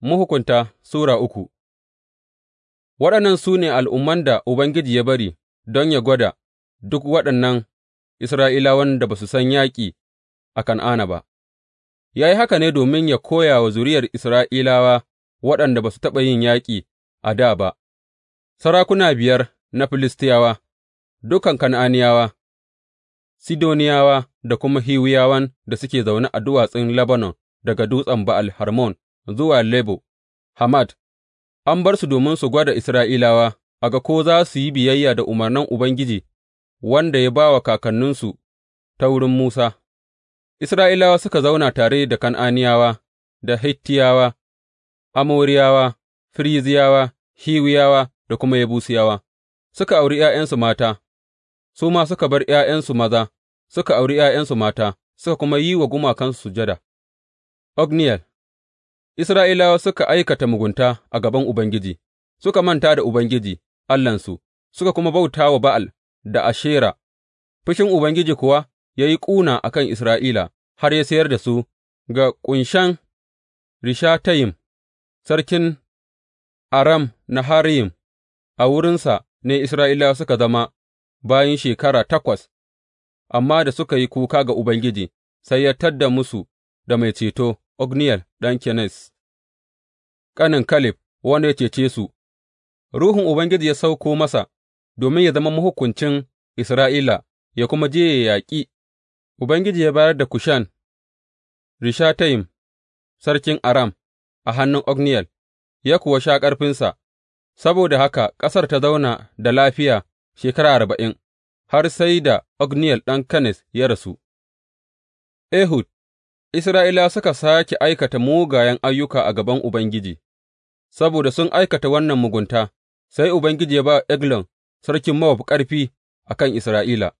Mahukunta Sura uku Waɗannan su ne al'umman da Ubangiji ya bari don yă gwada duk waɗannan Isra'ilawan da ba su san yaƙi a Kan'ana ba, ya yi haka ne domin ya koya wa zuriyar Isra'ilawa waɗanda ba su taɓa yin yaƙi a dā ba, sarakuna biyar na Filistiyawa, dukan Kan'aniyawa, Sidoniyawa da kuma Hiwiyawan da suke zaune a duwatsun Lebanon daga Dutsen Ba'al Hermon. zuwa Lebo Hamad, an bar su domin su gwada Isra'ilawa a ga ko za su yi biyayya da umarnan Ubangiji wanda ya ba wa kakanninsu ta wurin Musa. Isra'ilawa suka zauna tare da Kan'aniyawa, da Hittiyawa, Amoriyawa, Firiziyawa, Hiwiyawa da kuma Yabusiyawa, suka auri ’ya'yansu mata, su ma suka bar ’ya'yansu maza, suka auri ’ya'yansu mata, suka kuma yi wa gumakansu sujada. Ogniyel Isra'ilawa suka aikata mugunta a gaban Ubangiji, suka manta da Ubangiji Allahnsu, suka kuma bauta wa Ba'al da Ashera, fushin Ubangiji kuwa ya yi ƙuna a kan Isra'ila har ya sayar da su ga ƙunshan Rishatayim, sarkin Aram na Naharayim, a wurinsa ne Isra'ilawa suka zama bayan shekara takwas, amma da suka yi kuka ga Ubangiji, sai ya tadda da musu da mai ceto. Ogniyel ɗan Kenaz, ƙanin Kaleb, wanda ya cece su, Ruhun Ubangiji ya sauko masa domin ya zama mahukuncin Isra'ila, ya kuma je ya yaƙi, Ubangiji ya bayar da Kushan, Rishatayim, sarkin Aram, a hannun Ogniyel, ya kuwa sha ƙarfinsa, saboda haka ƙasar ta zauna da lafiya shekara arba'in, har sai da Ogniyel ɗan Kenaz ya rasu. Ehud Isra'ilawa suka sake aikata mugayen ayyuka a gaban Ubangiji, saboda sun aikata wannan mugunta, sai Ubangiji ya ba Eglon sarkin Mowab ƙarfi a kan Isra'ila,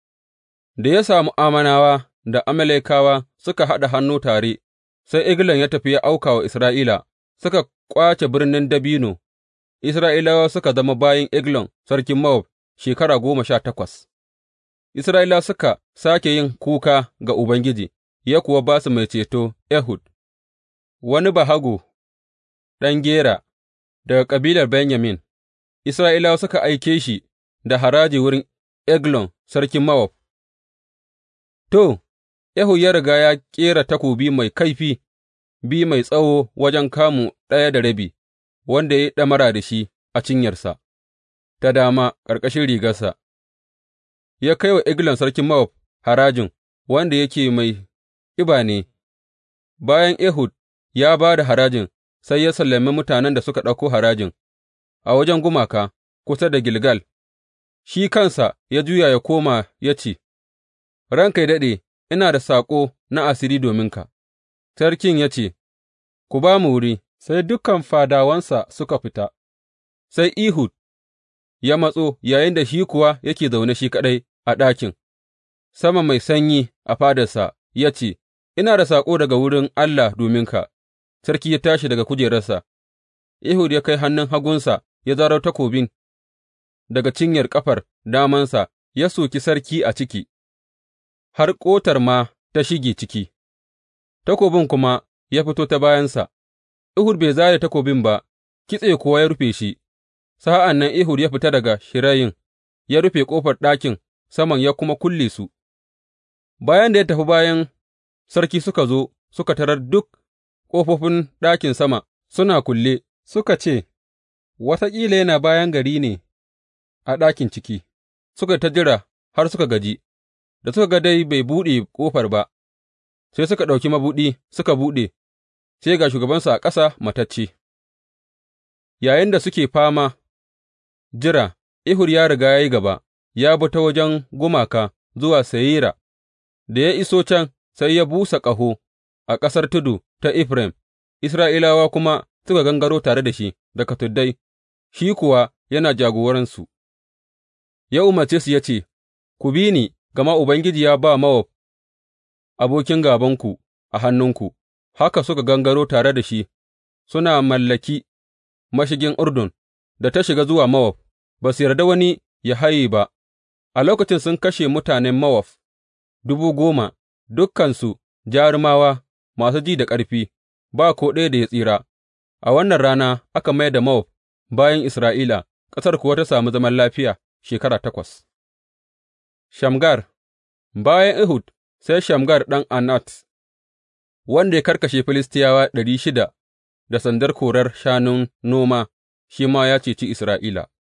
da ya sami Ammonawa da Amalekawa suka haɗa hannu tare, sai Eglon ya tafi ya auka wa Isra'ila, suka ƙwace birnin dabino, Isra'ilawa suka zama bayin Eglon sarkin Mowab shekara goma sha takwas. Isra'ilawa suka sake yin kuka ga Ubangiji. ya kuwa ba su mai ceto Ehud, wani bahago ɗan Gera daga kabilar Benyamin, Isra'ilawa suka aike shi da haraji wurin Eglon sarkin Mawab. To, Ehud ya riga ya ƙera takobi mai kaifi, bi mai tsawo wajen kamu ɗaya da rabi, wanda ya yi ɗamara da shi a cinyarsa ta dama ƙarƙashin rigarsa, ya kai wa Eglon sarkin Mawab harajin, wanda yake mai ƙiba ne, bayan Ehud ya ba da harajin, sai ya sallami mutanen da suka ɗauko harajin a wajen gumaka kusa da Gilgal, shi kansa ya juya ya koma ya ce, Ranka yă daɗe, ina da saƙo na asiri dominka. Sarkin ya ce, Ku ba mu wuri, sai dukan fadawansa suka fita, sai Ehud ya matso yayinda shi kuwa yake zaune shi kaɗai a ɗakin, sama mai sanyi a fadarsa ya ce, Ina da saƙo daga wurin Allah dominka, sarki ya tashi daga kujerarsa, Ehud ya kai hannun hagunsa ya zarar takobin daga cinyar ƙafar damansa ya soki sarki a ciki, har ƙotar ma ta shige ciki, takobin kuma ya fito ta bayansa, Ehud bai zare takobin ba, kitse kuwa ya rufe shi, sa'an nan Ehud ya fita daga shirayin, ya rufe ƙofar ɗakin saman ya kuma kulle su, bayan da ya tafi bayan sarki suka zo suka tarar duk ƙofofin ɗakin sama suna kulle, suka ce, Wataƙila yana bayan gari ne a ɗakin ciki, suka ta jira har suka gaji, da suka ga dai bai buɗe ƙofar ba, sai suka ɗauki mabuɗi suka buɗe, sai ga shugabansu a ƙasa matacce. da suke fama jira, Ehud ya riga ya yi gaba, ya bi ta wajen gumaka zuwa sayira. da ya iso can sai ya busa ƙaho a ƙasar tudu ta Efraim, Isra'ilawa kuma suka gangaro tare da shi daga tuddai, shi kuwa yana jagoransu. Ya umarce su ya ce, Ku bi ni, gama Ubangiji ya ba Mawab abokin gābanku a hannunku, haka suka gangaro tare da shi, suna mallaki mashigin Urdun da ta shiga zuwa Mawab, ba su yarda wani ya haye ba, a lokacin sun kashe mutanen Mawab dubu goma dukansu jarumawa masu ji da ƙarfi, ba ko ɗaya da ya tsira, a wannan rana aka mai da Mowab bayan Isra'ila, ƙasar kuwa ta sami zaman lafiya shekara takwas. Shamgar Bayan Ehud, sai Shamgar ɗan Anat, wanda ya karkashe Filistiyawa ɗari shida da sandar korar shanun noma, shi ma ya ceci Isra'ila.